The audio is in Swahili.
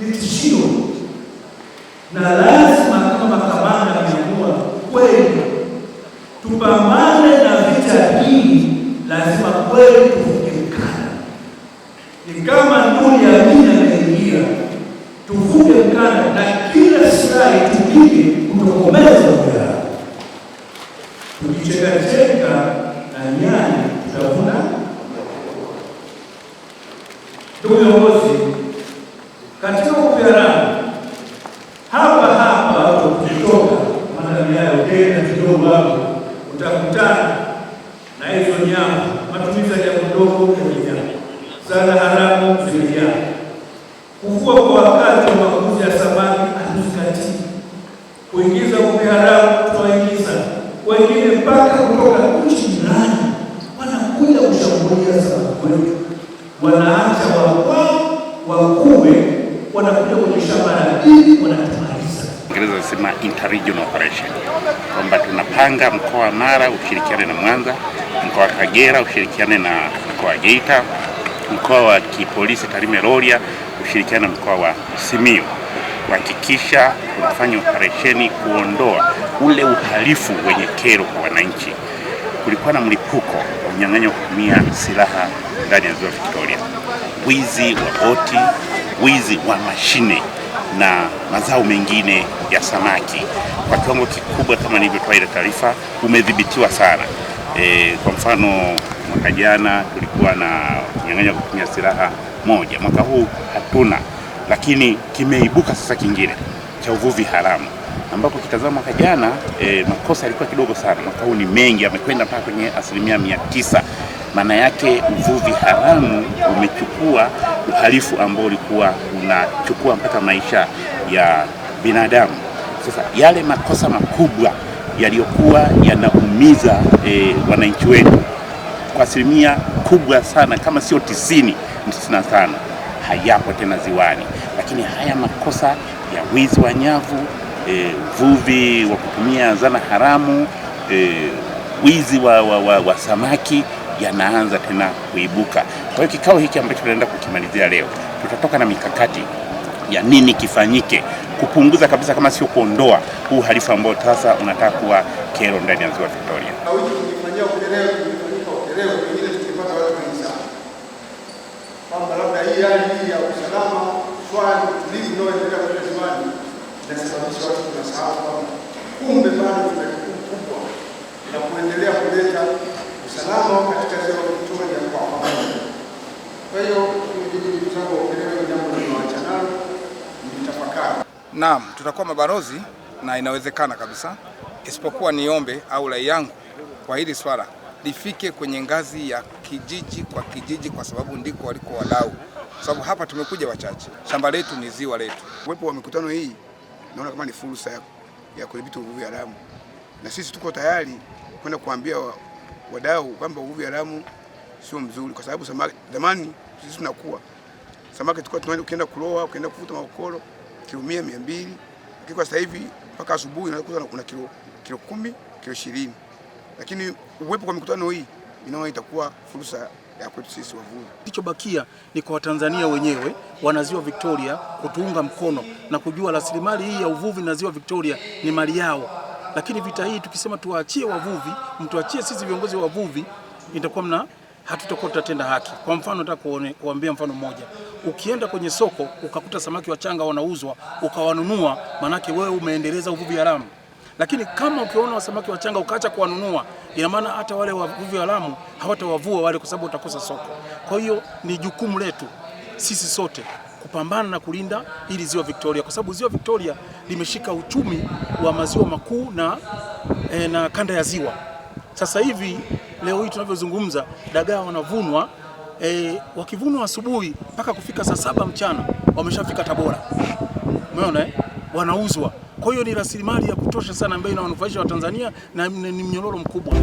ni tishio, na lazima kama makamanda ameamua kweli tupambane na vita hii, lazima kweli tuvukemkana. Ni kama nduli ya mia inaingia, tuvuke mkana na kila silaha itumike kutokomeza ujaa. Tukichekacheka na nyani tutavuna. Ndugu viongozi katika kupeana hapa hapa kutoka maana yao tena kidogo hapo utakutana na hizo nyama, matumizi ya nyama ndogo kwenye nyama haramu zimejaa. Kuvua kwa wakati wa makuzi ya samaki hatuzingatii, kuingiza ume haramu tunaingiza, wengine mpaka kutoka nchi jirani wanakuja kushambulia tunasema interregional operation kwamba tunapanga mkoa wa Mara ushirikiane na Mwanza, mkoa wa Kagera ushirikiane na mkoa wa Geita, mkoa wa kipolisi Tarime Rorya ushirikiane na mkoa wa Simiyu kuhakikisha tunafanya operesheni kuondoa ule uhalifu wenye kero kwa wananchi. Kulikuwa na mlipuko wa unyang'anyi wa kutumia silaha ndani ya Ziwa Victoria, wizi wa boti, wizi wa mashine na mazao mengine ya samaki kwa kiwango kikubwa, kama nilivyotoa ile taarifa, umedhibitiwa sana. E, kwa mfano mwaka jana tulikuwa na kunyang'anya kutumia silaha moja, mwaka huu hatuna, lakini kimeibuka sasa kingine cha uvuvi haramu ambapo kitazama mwaka jana e, makosa yalikuwa kidogo sana, mwaka huu ni mengi, yamekwenda mpaka kwenye asilimia mia tisa. Maana yake uvuvi haramu umechukua uhalifu ambao ulikuwa unachukua mpaka maisha ya binadamu. Sasa yale makosa makubwa yaliyokuwa yanaumiza e, wananchi wetu kwa asilimia kubwa sana kama sio tisini, tisini na tano hayapo tena ziwani, lakini haya makosa ya wizi wa nyavu e, uvuvi wa kutumia zana haramu e, wizi wa, wa, wa, wa samaki yanaanza tena kuibuka. Kwa hiyo kikao hiki ambacho tunaenda kukimalizia leo, tutatoka na mikakati ya nini kifanyike kupunguza kabisa, kama sio kuondoa huu uhalifu ambao sasa unataka kuwa kero ndani ya ziwa Victoria. Kumbe bado tuna jukumu kubwa la kuendelea kuleta usalama katika ziwa Victoria kwa pamoja. Kwa hiyo nalo Naam, tutakuwa mabalozi na inawezekana kabisa, isipokuwa niombe au rai yangu kwa hili swala lifike kwenye ngazi ya kijiji kwa kijiji, kwa sababu ndiko waliko wadau, kwa sababu hapa tumekuja wachache. Shamba letu ni ziwa letu. Uwepo wa mikutano hii naona kama ni fursa ya kudhibiti uvuvi haramu, na sisi tuko tayari kwenda kuambia wadau kwamba uvuvi haramu sio mzuri, kwa sababu samaki zamani sisi tunakuwa samaki tulikuwa ukienda kuloa ukienda kuvuta maokoro kilo 100 200, lakini kwa sasa hivi mpaka asubuhi unaweza kuna kilo kilo 10 kilo 20. Lakini uwepo kwa mikutano hii inaona itakuwa fursa ya kwetu sisi wavuvi. Kilichobakia ni kwa Watanzania wenyewe wanaziwa Victoria kutuunga mkono na kujua rasilimali hii ya uvuvi na ziwa Victoria ni mali yao lakini vita hii tukisema tuwaachie wavuvi, mtuachie sisi viongozi wa wavuvi, itakuwa mna hatutakuwa tutatenda haki. Kwa mfano, nataka kuambia mfano mmoja. Ukienda kwenye soko ukakuta samaki wachanga wanauzwa, ukawanunua, manake wewe umeendeleza uvuvi haramu. Lakini kama ukiona wa samaki wachanga ukaacha kuwanunua, ina maana hata wale wavuvi haramu hawatawavua wale, kwa sababu utakosa soko. Kwa hiyo ni jukumu letu sisi sote kupambana na kulinda ili ziwa Victoria, kwa sababu ziwa Victoria limeshika uchumi wa maziwa makuu na, e, na kanda ya ziwa. Sasa hivi leo hii tunavyozungumza, dagaa wanavunwa e, wakivunwa asubuhi mpaka kufika saa saba mchana wameshafika Tabora, umeona eh? Wanauzwa. Kwa hiyo ni rasilimali ya kutosha sana ambayo inawanufaisha Watanzania na ni mnyororo mkubwa.